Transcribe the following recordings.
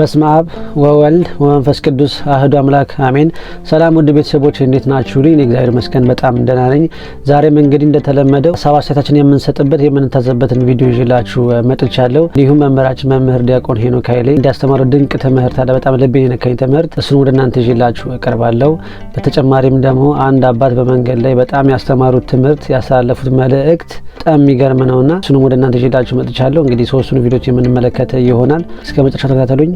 በስመ አብ ወወልድ ወመንፈስ ቅዱስ አህዱ አምላክ አሜን። ሰላም ውድ ቤተሰቦች እንዴት ናችሁ? ልኝ እግዚአብሔር ይመስገን በጣም ደህና ነኝ። ዛሬም እንግዲህ እንደተለመደው ሰባ አስተያየታችን የምንሰጥበት የምንታዘበትን ቪዲዮ ይዤላችሁ መጥቻለሁ። እንዲሁም መምህራችን መምህር ዲያቆን ሄኖክ ኃይሌ እንዲያስተማረው ድንቅ ትምህርት አለ። በጣም ልቤን የነካኝ ትምህርት እሱን ወደ እናንተ ይዤላችሁ እቀርባለሁ። በተጨማሪም ደግሞ አንድ አባት በመንገድ ላይ በጣም ያስተማሩት ትምህርት ያስተላለፉት መልእክት በጣም የሚገርም ነውና እሱንም ወደ እናንተ ይዤላችሁ መጥቻለሁ። እንግዲህ ሶስቱን ቪዲዮች የምንመለከት ይሆናል። እስከ መጨረሻ ተከታተሉኝ።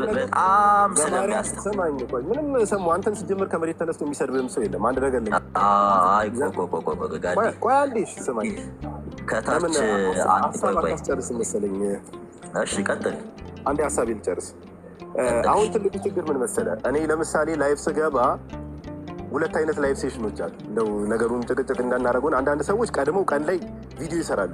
በጣም ስለሚያስተምር ምንም ሰሙ አንተን ስጀምር ከመሬት ተነስቶ የሚሰድብም ሰው የለም። አንድ ነገር ላይ ቆይ አንዴ ስማኝ፣ ከታች ሀሳብ አታስጨርስ መሰለኝ። እሺ ቀጥል አንዴ ሀሳቤ ልጨርስ አሁን ትልቅ ችግር ምን መሰለ፣ እኔ ለምሳሌ ላይፍ ስገባ ሁለት አይነት ላይፍ ሴሽኖች አሉ። እንደው ነገሩን ጭቅጭቅ እንዳናደረገውን አንዳንድ ሰዎች ቀድመው ቀን ላይ ቪዲዮ ይሰራሉ።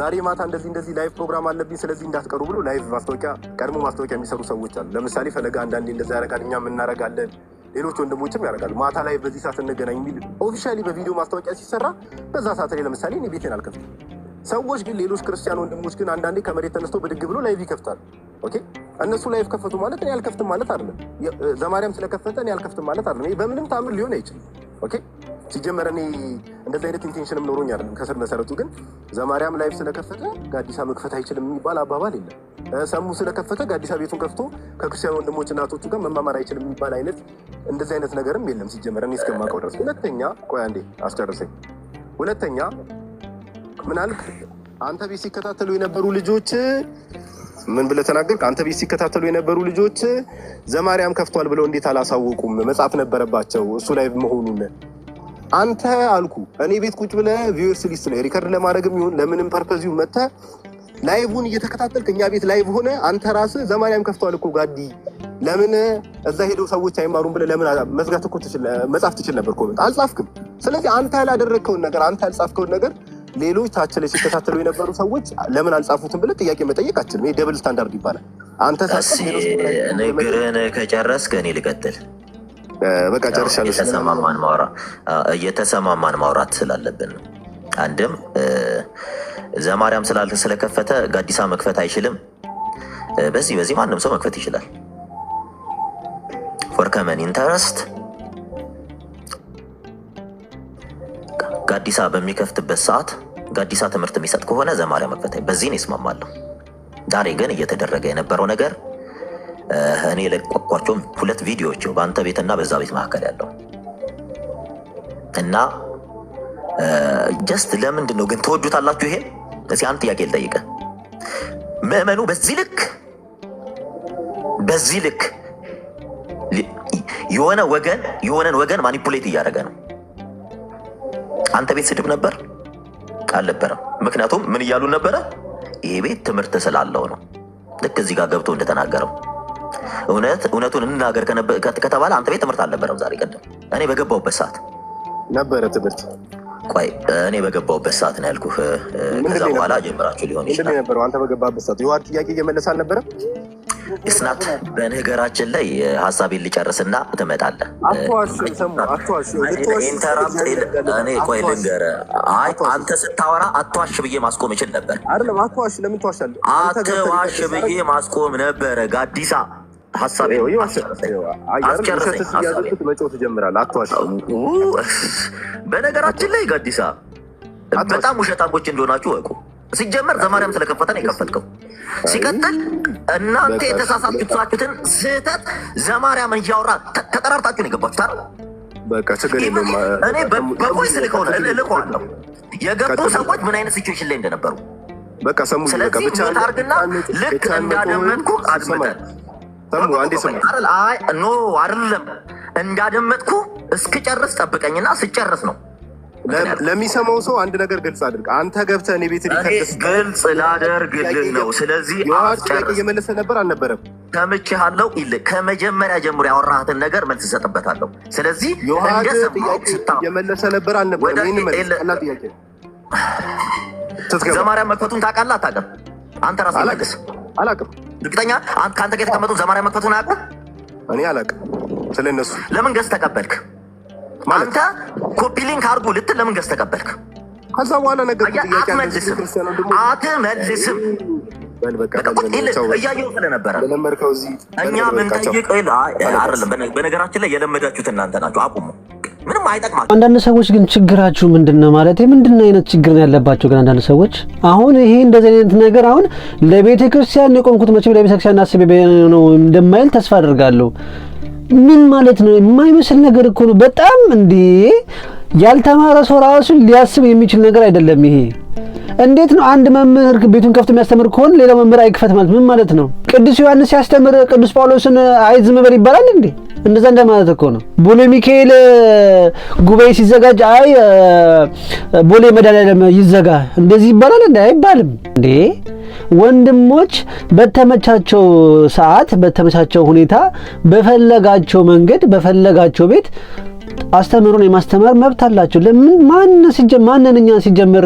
ዛሬ ማታ እንደዚህ እንደዚህ ላይፍ ፕሮግራም አለብኝ፣ ስለዚህ እንዳትቀሩ ብሎ ላይፍ ማስታወቂያ ቀድሞ ማስታወቂያ የሚሰሩ ሰዎች አሉ። ለምሳሌ ፈለገ አንዳንዴ እንደዛ ያደርጋል፣ እኛም እናደርጋለን፣ ሌሎች ወንድሞችም ያደርጋሉ። ማታ ላይ በዚህ ሰዓት እንገናኝ የሚል ኦፊሻሊ በቪዲዮ ማስታወቂያ ሲሰራ በዛ ሰዓት ላይ ለምሳሌ እኔ ቤቴን አልከፍትም። ሰዎች ግን ሌሎች ክርስቲያን ወንድሞች ግን አንዳንዴ ከመሬት ተነስቶ ብድግ ብሎ ላይቭ ይከፍታሉ። ኦኬ እነሱ ላይፍ ከፈቱ ማለት እኔ አልከፍትም ማለት አይደለም። ዘማርያም ስለከፈተ እኔ አልከፍትም ማለት አይደለም። ይሄ በምንም ታምር ሊሆን አይችልም። ኦኬ ሲጀመር እኔ እንደዚህ አይነት ኢንቴንሽንም ኖሮኝ አይደለም። ከስር መሰረቱ ግን ዘማርያም ላይፍ ስለከፈተ ጋዲሳ መክፈት አይችልም የሚባል አባባል የለም። ሰሙ ስለከፈተ ጋዲሳ ቤቱን ከፍቶ ከክርስቲያን ወንድሞች እናቶቹ ጋር መማማር አይችልም የሚባል አይነት እንደዚህ አይነት ነገርም የለም። ሲጀመር እኔ እስከማውቀው ድረስ። ሁለተኛ ቆይ አንዴ አስጨርሰኝ። ሁለተኛ ምን አልክ አንተ ቤት ሲከታተሉ የነበሩ ልጆች ምን ብለህ ተናገርክ? አንተ ቤት ሲከታተሉ የነበሩ ልጆች ዘማሪያም ከፍቷል ብለው እንዴት አላሳወቁም? መጽሐፍ ነበረባቸው እሱ ላይ መሆኑን አንተ አልኩ። እኔ ቤት ቁጭ ብለህ ቪውየርስ ሊስት ላይ ሪከርድ ለማድረግም ይሁን ለምንም ፐርፐዝ ይሁን መጥተህ ላይቡን እየተከታተልክ እኛ ቤት ላይቭ ሆነ አንተ ራስህ ዘማሪያም ከፍቷል እኮ ጋዲ፣ ለምን እዛ ሄደው ሰዎች አይማሩም ብለህ ለምን መዝጋት እኮ መጻፍ ትችል ነበር። ኮመንት አልጻፍክም። ስለዚህ አንተ ያላደረግከውን ነገር አንተ ያልጻፍከውን ነገር ሌሎች ታች ላይ ሲከታተሉ የነበሩ ሰዎች ለምን አልጻፉትም ብለህ ጥያቄ መጠየቅ አችልም። ይሄ ደብል ስታንዳርድ ይባላል። አንተ ንግርህን ከጨረስክ እኔ ልቀጥል። በቃ ጨርሻለሁ። እየተሰማማን ማውራት ስላለብን ነው። አንድም ዘማርያም ስላለ ስለከፈተ ጋዲሳ መክፈት አይችልም። በዚህ በዚህ ማንም ሰው መክፈት ይችላል። ፎር ከመን ኢንተረስት ጋዲሳ በሚከፍትበት ሰዓት ጋዲሳ ትምህርት የሚሰጥ ከሆነ ዘማሪያ መክፈታይ በዚህን ይስማማለሁ። ዛሬ ግን እየተደረገ የነበረው ነገር እኔ ለቋቋቸውም ሁለት ቪዲዮዎች በአንተ ቤትና በዛ ቤት መካከል ያለው እና ጀስት ለምንድን ነው ግን ትወዱታላችሁ? ይሄ እስኪ አንድ ጥያቄ ልጠይቀ ምእመኑ በዚህ ልክ በዚህ ልክ የሆነ ወገን የሆነን ወገን ማኒፑሌት እያደረገ ነው። አንተ ቤት ስድብ ነበር አልነበረም። ምክንያቱም ምን እያሉ ነበረ? ይህ ቤት ትምህርት ስላለው ነው። ልክ እዚህ ጋር ገብቶ እንደተናገረው እውነት እውነቱን እንናገር ከተባለ አንተ ቤት ትምህርት አልነበረም። ዛሬ ቀደም እኔ በገባሁበት ሰዓት ነበረ ትምህርት። ቆይ እኔ በገባሁበት ሰዓት ነው ያልኩህ። ከዛ በኋላ ጀምራችሁ ሊሆን ይችላል። አንተ በገባበት ሰዓት ጥያቄ እየመለሰ አልነበረም እስናት በነገራችን ላይ ሀሳቤን ልጨርስና ትመጣለህ። ቆይ ልንገርህ። አይ አንተ ስታወራ አትዋሽ ብዬ ማስቆም እችል ነበር። አትዋሽ ብዬ ማስቆም ነበረ። ጋዲሳ ሀሳቤ በነገራችን ላይ ጋዲሳ በጣም ውሸታሞች እንደሆናችሁ ወቁ። ሲጀመር ዘማርያም ስለከፈተ ነው የከፈትከው። ሲቀጥል እናንተ የተሳሳችሁትን ስህተት ዘማርያም እያወራ ተጠራርታችሁ ነው የገባችሁት አይደል? በቃ ችግር የለውም። እኔ በቮይስ ልከው ልከዋለሁ የገቡ ሰዎች ምን አይነት ሲቹዌሽን ላይ እንደነበሩ በቃ ሰሙ። ስለዚህ ታርግና ልክ እንዳደመጥኩ አድምጠን ኖ አይደለም እንዳደመጥኩ እስክጨርስ ጠብቀኝና ስጨርስ ነው ለሚሰማው ሰው አንድ ነገር ግልጽ አድርግ። አንተ ገብተህ እኔ ቤት ሊከስ ግልጽ ላደርግልን ነው። ስለዚህ ጥያቄ እየመለሰ ነበር አልነበረም? ይል ከመጀመሪያ ጀምሮ ያወራህትን ነገር መልስ እሰጥበታለሁ። ስለዚህ እየመለሰ ነበር አልነበረም? ዘማሪያ መክፈቱን ታውቃለህ አታውቅም? አንተ ራስህ መልስ። አላውቅም። እርግጠኛ ከአንተ ጋር የተቀመጡት ዘማሪያ መክፈቱን አያውቁም? እኔ አላውቅም። ስለነሱ ለምን ገዝ ተቀበልክ? አንተ ኮፒ ሊንክ አድርጉ ልትል ለምን ገዝ ተቀበልክ? ከዛ በኋላ ነገር አትመልስም አትመልስም። በነገራችን ላይ የለመዳችሁት እናንተ ናችሁ። አቁሙ። ምንም አንዳንድ ሰዎች ግን ችግራችሁ ምንድን ነው ማለት ምንድን አይነት ችግር ነው ያለባቸው? ግን አንዳንድ ሰዎች አሁን ይሄ እንደዚህ አይነት ነገር አሁን ለቤተክርስቲያን የቆምኩት መቼም ለቤተክርስቲያን አስቤ ነው እንደማይል ተስፋ አድርጋለሁ። ምን ማለት ነው? የማይመስል ነገር እኮ ነው። በጣም እንዴ! ያልተማረ ሰው ራሱ ሊያስብ የሚችል ነገር አይደለም ይሄ። እንዴት ነው አንድ መምህር ቤቱን ከፍቶ የሚያስተምር ከሆነ ሌላው መምህር አይክፈት ማለት ምን ማለት ነው? ቅዱስ ዮሐንስ ሲያስተምር ቅዱስ ጳውሎስን አይ ዝም በል ይባላል እንዴ? እንደዛ እንደማለት እኮ ነው። ቦሌ ሚካኤል ጉባኤ ሲዘጋጅ አይ ቦሌ መድኃኒዓለም ይዘጋ እንደዚህ ይባላል እንዴ? አይባልም እንዴ። ወንድሞች በተመቻቸው ሰዓት፣ በተመቻቸው ሁኔታ፣ በፈለጋቸው መንገድ፣ በፈለጋቸው ቤት አስተምሩን የማስተማር መብት አላቸው። ለምን ማን ሲጀምር ማንን እኛን ሲጀምር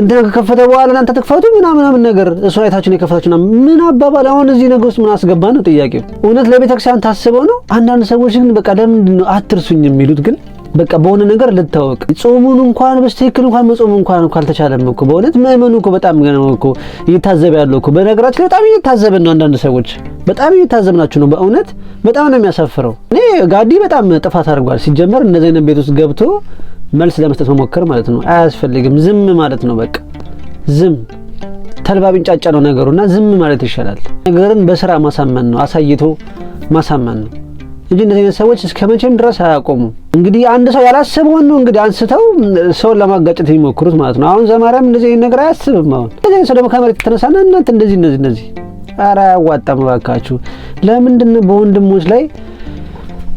እንትና ከከፈተ በኋላ እናንተ ትክፈቱ ምናምን ነገር እሱ አይታችሁ ነው የከፈታችሁና ምን አባባል አሁን እዚህ ነገር ውስጥ ምን አስገባ ነው ጥያቄው። እውነት ለቤተክርስቲያን ታስበው ነው? አንዳንድ ሰዎች ግን በቃ ለምንድን ነው አትርሱኝ የሚሉት ግን በቃ በሆነ ነገር ልታወቅ ጾሙን እንኳን በስትክክል እንኳን መጾም እንኳን እኮ አልተቻለም እኮ በእውነት ምእመኑ እኮ በጣም ገና እኮ እየታዘበ ያለው እኮ በነገራችን በጣም እየታዘበ ነው። አንዳንድ ሰዎች በጣም እየታዘብናችሁ ነው። በእውነት በጣም ነው የሚያሳፍረው። እኔ ጋዲ በጣም ጥፋት አድርጓል። ሲጀመር እነዚህ አይነት ቤት ውስጥ ገብቶ መልስ ለመስጠት መሞከር ማለት ነው። አያስፈልግም። ዝም ማለት ነው። በቃ ዝም ተልባ ቢንጫጫ ነው ነገሩና ዝም ማለት ይሻላል። ነገርን በስራ ማሳመን ነው፣ አሳይቶ ማሳመን ነው እንጂ እንደዚህ አይነት ሰዎች እስከ መቼም ድረስ አያቆሙ። እንግዲህ አንድ ሰው ያላሰበውን ነው እንግዲህ አንስተው ሰውን ለማጋጨት የሚሞክሩት ማለት ነው። አሁን ዘማርያም እንደዚህ ነገር አያስብም። አሁን እንደዚህ አይነት ሰው ደግሞ ከመሬት የተነሳና እናንተ እንደዚህ እንደዚህ እንደዚህ፣ አረ አያዋጣም እባካችሁ። ለምንድን ነው በወንድሞች ላይ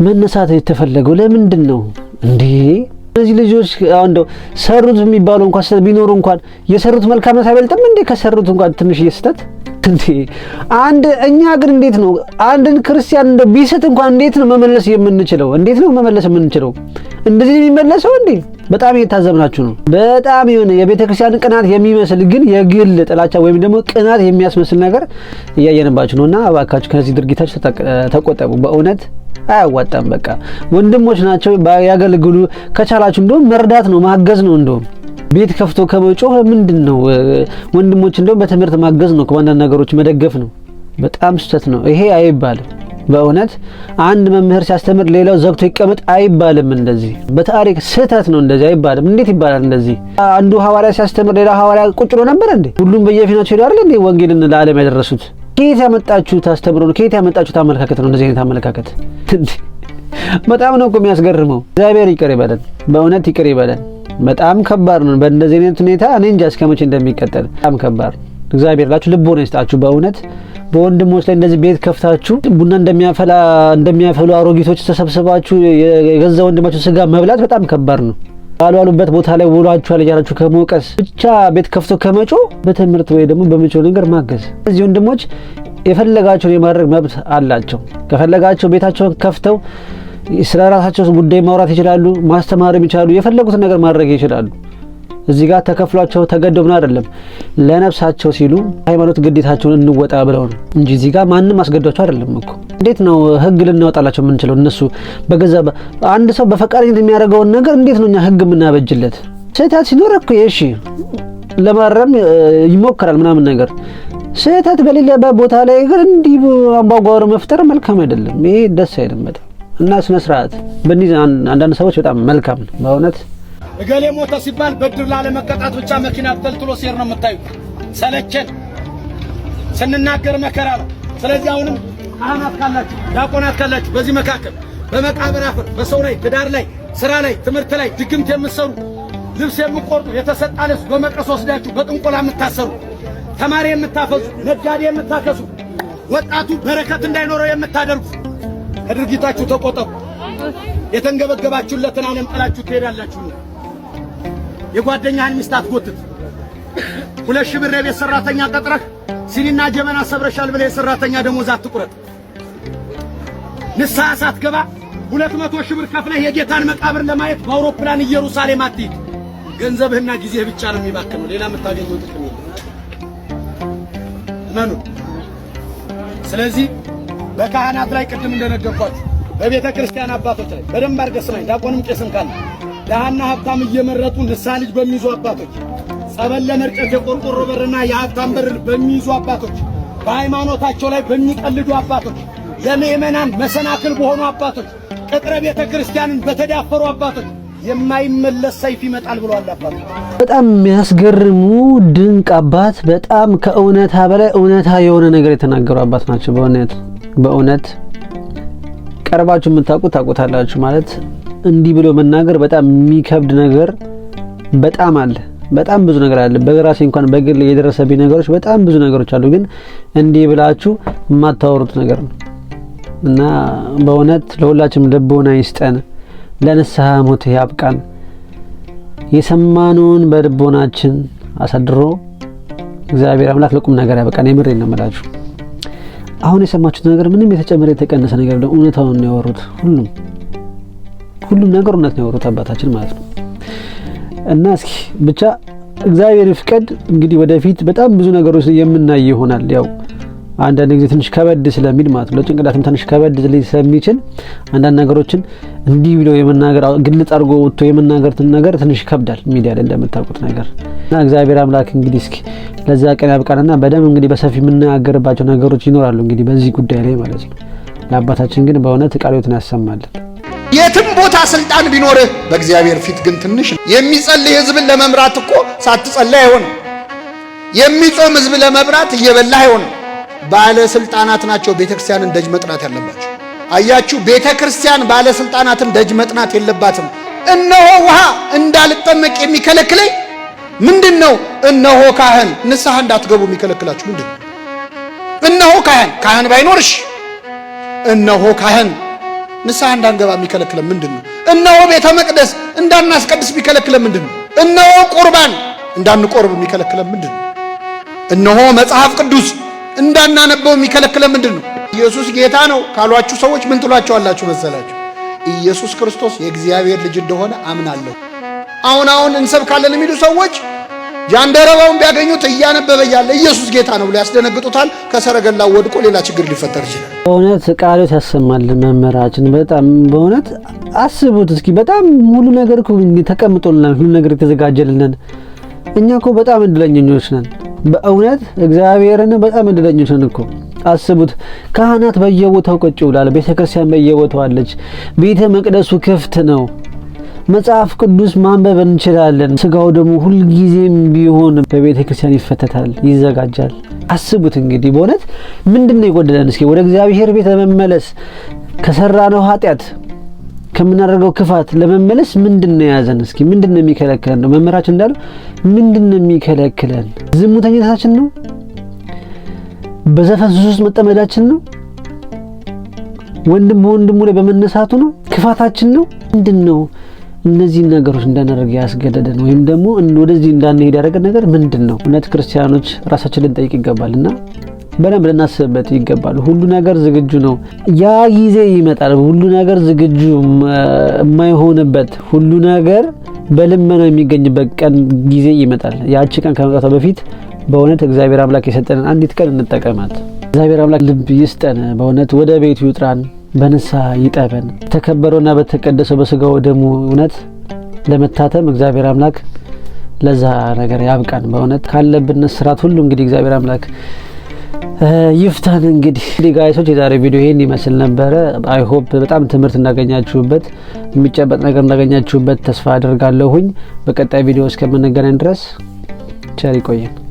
መነሳት የተፈለገው? ለምንድን ነው እንዲህ እነዚህ ልጆች አሁን እንደው ሰሩት የሚባሉ እንኳን ስህተት ቢኖሩ እንኳን የሰሩት መልካምነት አይበልጥም እንዴ? ከሰሩት እንኳን ትንሽ ስህተት እንዴ! አንድ እኛ ግን እንዴት ነው አንድን ክርስቲያን እንደው ቢስት እንኳን እንዴት ነው መመለስ የምንችለው? እንዴት ነው መመለስ የምንችለው? እንደዚህ የሚመለሰው እንዴ? በጣም እየታዘብናችሁ ነው። በጣም የሆነ የቤተ ክርስቲያን ቅናት የሚመስል ግን የግል ጥላቻ ወይም ደግሞ ቅናት የሚያስመስል ነገር እያየንባችሁ ነው እና እባካችሁ ከዚህ ድርጊታችሁ ተቆጠቡ በእውነት አያዋጣም። በቃ ወንድሞች ናቸው፣ ያገልግሉ። ከቻላችሁ እንደውም መርዳት ነው ማገዝ ነው እንደውም ቤት ከፍቶ ከመጮህ ምንድን ነው ወንድሞች እንደውም በትምህርት ማገዝ ነው፣ በአንዳንድ ነገሮች መደገፍ ነው። በጣም ስህተት ነው ይሄ አይባልም። በእውነት አንድ መምህር ሲያስተምር ሌላው ዘግቶ ይቀመጥ አይባልም። እንደዚህ በታሪክ ስህተት ነው። እንደዚህ አይባልም። እንዴት ይባላል እንደዚህ? አንዱ ሐዋርያ ሲያስተምር ሌላ ሐዋርያ ቁጭሎ ነበር እንዴ? ሁሉም በየፊናቸው ሄዱ አይደል እንዴ? ወንጌልን ለዓለም ያደረሱት ከየት ያመጣችሁት አስተምሮ ነው? ከየት ያመጣችሁት አመለካከት ነው? እንደዚህ አይነት አመለካከት በጣም ነው እኮ የሚያስገርመው። እግዚአብሔር ይቅር ይበለን፣ በእውነት ይቅር ይበለን። በጣም ከባድ ነው። በእንደዚህ አይነት ሁኔታ እኔ እንጃ እስከ እንደሚቀጠል በጣም ከባድ ነው። እግዚአብሔር ላችሁ ልቦና ይስጣችሁ። በእውነት በወንድሞች ላይ እንደዚህ ቤት ከፍታችሁ ቡና እንደሚያፈላ እንደሚያፈሉ አሮጊቶች ተሰብስባችሁ የገዛ ወንድማችሁ ስጋ መብላት በጣም ከባድ ነው። ባልዋሉበት ቦታ ላይ ውሏችኋል እያላችሁ ከመውቀስ ብቻ ቤት ከፍቶ ከመጮ በትምህርት ወይ ደግሞ በምችለው ነገር ማገዝ። እነዚህ ወንድሞች የፈለጋቸውን የማድረግ መብት አላቸው። ከፈለጋቸው ቤታቸውን ከፍተው ስለ ራሳቸው ጉዳይ ማውራት ይችላሉ፣ ማስተማርም ይችላሉ፣ የፈለጉትን ነገር ማድረግ ይችላሉ። እዚህ ጋር ተከፍሏቸው ተገደው ነው አይደለም። ለነፍሳቸው ሲሉ ሃይማኖት ግዴታቸውን እንወጣ ብለው ነው እንጂ እዚህ ጋር ማንም አስገዷቸው አይደለም እኮ። እንዴት ነው ህግ ልናወጣላቸው የምንችለው? እነሱ በገዛ አንድ ሰው በፈቃደኝነት የሚያደርገውን ነገር እንዴት ነው እኛ ህግ የምናበጅለት? ስህተት ሲኖር እኮ እሺ ለማረም ይሞከራል ምናምን ነገር ስህተት በሌለበት ቦታ ላይ ግን እንዲህ አምባጓሮ መፍጠር መልካም አይደለም። ይሄ ደስ አይደለም በጣም እና ስርዓት በእንዲህ አንዳንድ ሰዎች በጣም መልካም ነው በእውነት እገሌ ሞተ ሲባል ብድር ላለመቀጣት ብቻ መኪና ተልትሎ ሲሄድ ነው የምታዩ ሰለቸን ስንናገር መከራ ነው። ስለዚህ አሁንም ካህናት ካላችሁ፣ ዲያቆናት ካላችሁ በዚህ መካከል በመቃብር አፈር፣ በሰው ላይ፣ ትዳር ላይ፣ ስራ ላይ፣ ትምህርት ላይ ድግምት የምትሰሩ ልብስ የምትቆርጡ የተሰጣ ልብስ በመቀስ ወስዳችሁ በጥንቆላ የምታሰሩ ተማሪ የምታፈሱ ነጋዴ የምታከሱ ወጣቱ በረከት እንዳይኖረው የምታደርጉ ከድርጊታችሁ ተቆጠቡ። የተንገበገባችሁለትን ጥላችሁ ትሄዳላችሁ። የጓደኛህን ሚስት አትጎትት። ሁለት ሺህ ብር የቤት ሰራተኛ ቀጥረህ ሲኒና ጀመና ሰብረሻል ብለህ የሰራተኛ ደሞዝ አትቁረጥ። ንስሐ ሳትገባ ሁለት መቶ ሺህ ብር ከፍለህ የጌታን መቃብር ለማየት በአውሮፕላን ኢየሩሳሌም አትሂድ። ገንዘብህና ጊዜህ ብቻ ነው የሚባክነው። ሌላ የምታገኘው ጥቅም የለም። መኑ ስለዚህ በካህናት ላይ ቅድም እንደነገርኳችሁ በቤተ ክርስቲያን አባቶች ላይ በደንብ አድርገህ ስማኝ። ዲያቆንም ቄስም ካለ ድሃና ሀብታም እየመረጡ ንሳ ልጅ በሚይዙ አባቶች፣ ጸበል ለመርጨት የቆርቆሮ በርና የሀብታም በር በሚይዙ አባቶች፣ በሃይማኖታቸው ላይ በሚቀልዱ አባቶች፣ ለምእመናን መሰናክል በሆኑ አባቶች፣ ቅጥረ ቤተ ክርስቲያንን በተዳፈሩ አባቶች የማይመለስ ሰይፍ ይመጣል ብሎ አባት በጣም የሚያስገርሙ ድንቅ አባት፣ በጣም ከእውነታ በላይ እውነታ የሆነ ነገር የተናገሩ አባት ናቸው። በእውነት በእውነት ቀርባችሁ የምታውቁ ታውቁታላችሁ ማለት እንዲህ ብሎ መናገር በጣም የሚከብድ ነገር በጣም አለ። በጣም ብዙ ነገር አለ። በራሴ እንኳን በግል የደረሰብኝ ነገሮች በጣም ብዙ ነገሮች አሉ። ግን እንዲህ ብላችሁ የማታወሩት ነገር ነው እና በእውነት ለሁላችንም ልቦና ይስጠን፣ ለንስሐ ሞት ያብቃን። የሰማነውን በልቦናችን አሳድሮ እግዚአብሔር አምላክ ለቁም ነገር ያብቃን። የምሬ ነው የምላችሁ። አሁን የሰማችሁት ነገር ምንም የተጨመረ የተቀነሰ ነገር እውነታውን ነው ያወሩት ሁሉም ሁሉም ነገር እውነት ነው ያወሩት አባታችን ማለት ነው። እና እስኪ ብቻ እግዚአብሔር ፍቀድ እንግዲህ ወደፊት በጣም ብዙ ነገሮች የምናይ ይሆናል። ያው አንዳንድ ጊዜ ትንሽ ከበድ ስለሚል ማለት ነው ለጭንቅላትም ትንሽ ከበድ ስለሚችል አንዳንድ ነገሮችን እንዲህ ብሎ የመናገር ግልጽ አድርጎ ወጥቶ የመናገር ነገር ትንሽ ይከብዳል፣ ሚዲያ ላይ እንደምታውቁት ነገር እና እግዚአብሔር አምላክ እንግዲህ እስኪ ለዛ ቀን ያብቃንና በደንብ እንግዲህ በሰፊ የምናገርባቸው ነገሮች ይኖራሉ እንግዲህ በዚህ ጉዳይ ላይ ማለት ነው። ለአባታችን ግን በእውነት ቃልዎትን ያሰማልን። የትም ቦታ ስልጣን ቢኖርህ በእግዚአብሔር ፊት ግን ትንሽ ነው። የሚጸልይ ህዝብን ለመምራት እኮ ሳትጸልይ አይሆንም። የሚጾም ህዝብ ለመምራት እየበላህ አይሆንም። ባለስልጣናት ናቸው ቤተክርስቲያንን ደጅ መጥናት ያለባቸው። አያችሁ፣ ቤተክርስቲያን ባለስልጣናትን ደጅ መጥናት የለባትም። እነሆ ውሃ እንዳልጠመቅ የሚከለክለኝ ምንድን ነው? እነሆ ካህን ንስሐ እንዳትገቡ የሚከለክላችሁ ምንድን ነው? እነሆ ካህን ካህን ባይኖርሽ እነሆ ካህን ንስሐ እንዳንገባ የሚከለክለ ምንድን ነው? እነሆ ቤተ መቅደስ እንዳናስቀድስ የሚከለክለ ምንድን ነው? እነሆ ቁርባን እንዳንቆርብ የሚከለክለ ምንድን ነው? እነሆ መጽሐፍ ቅዱስ እንዳናነበው የሚከለክለ ምንድን ነው? ኢየሱስ ጌታ ነው ካሏችሁ ሰዎች ምን ትሏቸዋላችሁ መሰላችሁ? ኢየሱስ ክርስቶስ የእግዚአብሔር ልጅ እንደሆነ አምናለሁ። አሁን አሁን እንሰብካለን የሚሉ ሰዎች ጃንደረባውን ቢያገኙት እያነበበ ያለ ኢየሱስ ጌታ ነው ብሎ ያስደነግጡታል። ከሰረገላው ወድቆ ሌላ ችግር ሊፈጠር ይችላል። በእውነት ቃሉ ያሰማል መምህራችን። በጣም በእውነት አስቡት እስኪ። በጣም ሙሉ ነገር ተቀምጦልናል፣ ሁሉ ነገር የተዘጋጀልንን። እኛ እኮ በጣም እድለኞች ነን። በእውነት እግዚአብሔርን በጣም እድለኞች ነን እኮ አስቡት ካህናት በየቦታው ቁጭ ይውላል። ቤተክርስቲያን በየቦታው አለች። ቤተ መቅደሱ ክፍት ነው። መጽሐፍ ቅዱስ ማንበብ እንችላለን። ስጋው ደግሞ ሁልጊዜም ቢሆን ከቤተ ክርስቲያን ይፈተታል፣ ይዘጋጃል። አስቡት እንግዲህ በእውነት ምንድን ነው የጎደለን? እስኪ ወደ እግዚአብሔር ቤት ለመመለስ ከሰራነው ኃጢአት ከምናደርገው ክፋት ለመመለስ ምንድን ነው የያዘን? እስኪ ምንድን ነው የሚከለክለን ነው መምህራችን እንዳሉ ምንድን ነው የሚከለክለን? ዝሙተኝነታችን ነው? በዘፈን ሱስ ውስጥ መጠመዳችን ነው? ወንድም ወንድሙ ላይ በመነሳቱ ነው? ክፋታችን ነው? ምንድን ነው? እነዚህን ነገሮች እንዳናደርግ ያስገደደን ወይም ደግሞ ወደዚህ እንዳንሄድ ያደረገን ነገር ምንድን ነው? እውነት ክርስቲያኖች ራሳችን ልንጠይቅ ይገባል እና በደንብ ልናስብበት ይገባል። ሁሉ ነገር ዝግጁ ነው፣ ያ ጊዜ ይመጣል። ሁሉ ነገር ዝግጁ የማይሆንበት ሁሉ ነገር በልመና የሚገኝበት ቀን ጊዜ ይመጣል። ያቺ ቀን ከመምጣቷ በፊት በእውነት እግዚአብሔር አምላክ የሰጠንን አንዲት ቀን እንጠቀማት። እግዚአብሔር አምላክ ልብ ይስጠን። በእውነት ወደ ቤቱ ይውጥራን። በንሳ ይጠበን። የተከበረውና በተቀደሰው በስጋው ደሙ እውነት ለመታተም እግዚአብሔር አምላክ ለዛ ነገር ያብቃን። በእውነት ካለብን ስርዓት ሁሉ እንግዲህ እግዚአብሔር አምላክ ይፍታን። እንግዲህ እንግዲህ ጋይሶች የዛሬ ቪዲዮ ይሄን ይመስል ነበረ። አይ ሆፕ በጣም ትምህርት እንዳገኛችሁበት፣ የሚጨበጥ ነገር እንዳገኛችሁበት ተስፋ አደርጋለሁኝ። በቀጣይ ቪዲዮ እስከምንገናኝ ድረስ ቸር ይቆየን።